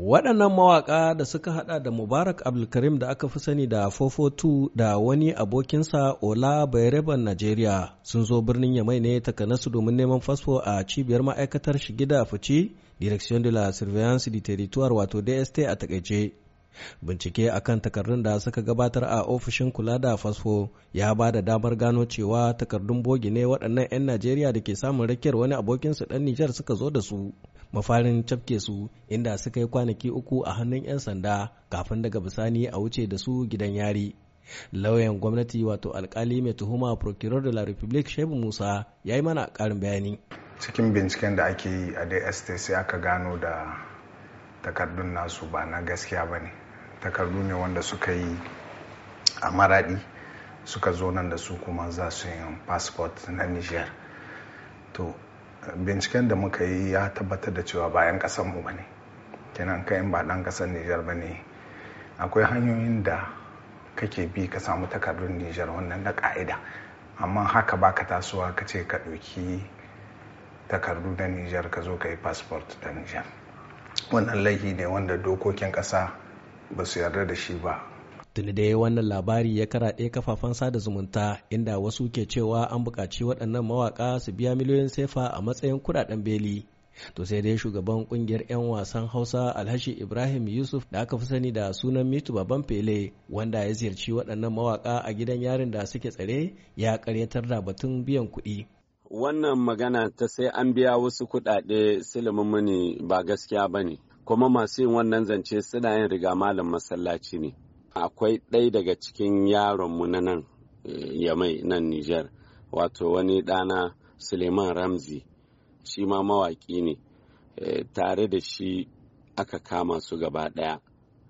Waɗannan mawaƙa da suka haɗa da Mubarak Abdulkarim da aka fi sani da 442 da wani abokinsa Ola Bayreban Najeriya sun zo birnin Yamai ne takanasu domin neman fasfo a cibiyar ma'aikatar shigida gida fice Direction de la Surveillance du Territoire wato DST a takaice. Bincike a kan takardun da suka gabatar a ofishin kula da fasfo ya ba da damar gano cewa takardun bogi ne waɗannan 'yan Najeriya da ke samun rakiyar wani abokinsa ɗan Nijar suka zo da su. mafarin cafke su inda suka yi kwanaki uku a hannun 'yan sanda kafin daga bisani a wuce da su gidan yari lauyan gwamnati wato alkali mai tuhuma procureur de la republique shebu musa ya yi mana karin bayani cikin binciken da ake yi a dst sai aka gano da takardun nasu ba na gaskiya ba ne takardu ne wanda suka yi a maradi suka zo nan da su kuma za su yi passport na niger to binciken da muka yi ya tabbatar da cewa bayan ƙasanmu ba ne kenan kayan ba dan ƙasar nijar ba ne akwai hanyoyin da kake bi ka samu takardun nijar wannan na ka'ida. amma haka ba ka tasowa ka ce ka ɗauki takardu na nijar ka zo ka yi fasfort da nijar wannan laifi ne wanda dokokin ƙasa ba su yarda da shi ba tuni da wannan labari ya karaɗe kafafen sada zumunta inda wasu ke cewa an buƙaci waɗannan mawaƙa su biya miliyoyin sefa a matsayin kuɗaɗen beli to sai dai shugaban ƙungiyar 'yan wasan hausa alhashi ibrahim yusuf da aka fi sani da sunan mitu baban fele wanda ya ziyarci waɗannan mawaƙa a gidan yarin da suke tsare ya karyatar da batun biyan kuɗi wannan magana ta sai an biya wasu kuɗaɗe silimin muni ba gaskiya ba ne kuma masu yin wannan zance suna yin riga malam masallaci ne akwai ɗaya daga cikin yaronmu na nan eh, yamai nan Nijar wato wani ɗana Suleiman Ramzi shi ma mawaƙi ne eh, tare da shi aka kama su gaba ɗaya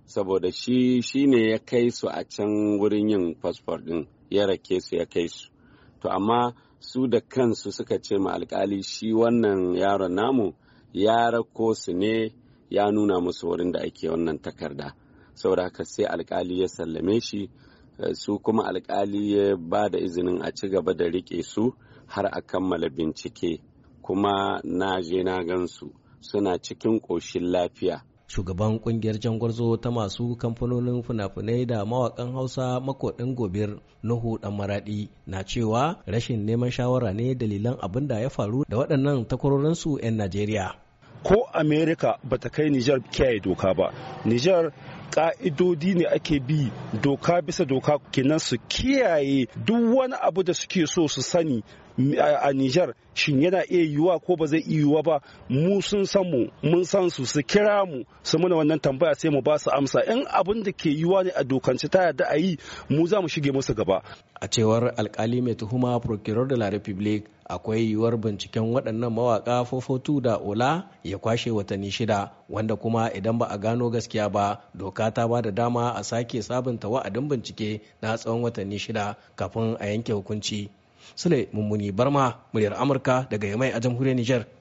saboda shi shi ne ya kai su a can wurin yin fasfor ɗin ya rake su ya kai su to amma su da kansu suka ce ma alkali shi wannan yaron namu ya rako su ne ya nuna musu wurin da ake wannan takarda saboda haka sai alkali ya sallame shi eh, su kuma alkali ya ba da izinin a ci gaba da riƙe su har a kammala bincike kuma na je na gansu suna cikin ƙoshin lafiya shugaban kungiyar gwarzo ta masu kamfanonin fina-finai da mawakan hausa makoɗin gobir nuhu dan maradi na cewa rashin neman shawara ne dalilan abin da ya faru da waɗannan takwarorinsu 'yan najeriya ko america ba ta kai nijar kiyaye doka ba nijar ka'idodi ne ake bi doka bisa doka kenan su kiyaye duk wani abu da suke so su sani a Nijar shin yana iya yiwuwa ko ba zai iya yiwuwa ba mu sun san mu mun san su su kira mu su muna wannan tambaya sai mu ba su amsa in abin da ke yiwuwa ne a dokance ta yadda a yi mu za mu shige musu gaba a cewar alkali mai tuhuma procureur de la republique akwai yiwuwar binciken waɗannan mawaƙa fofotu da ola ya kwashe watanni shida wanda kuma idan ba a gano gaskiya ba doka ta ba da dama a sake sabunta wa'adin bincike na tsawon watanni shida kafin a yanke hukunci sule mummuni barma muryar amurka daga yamai a jamhuriyar niger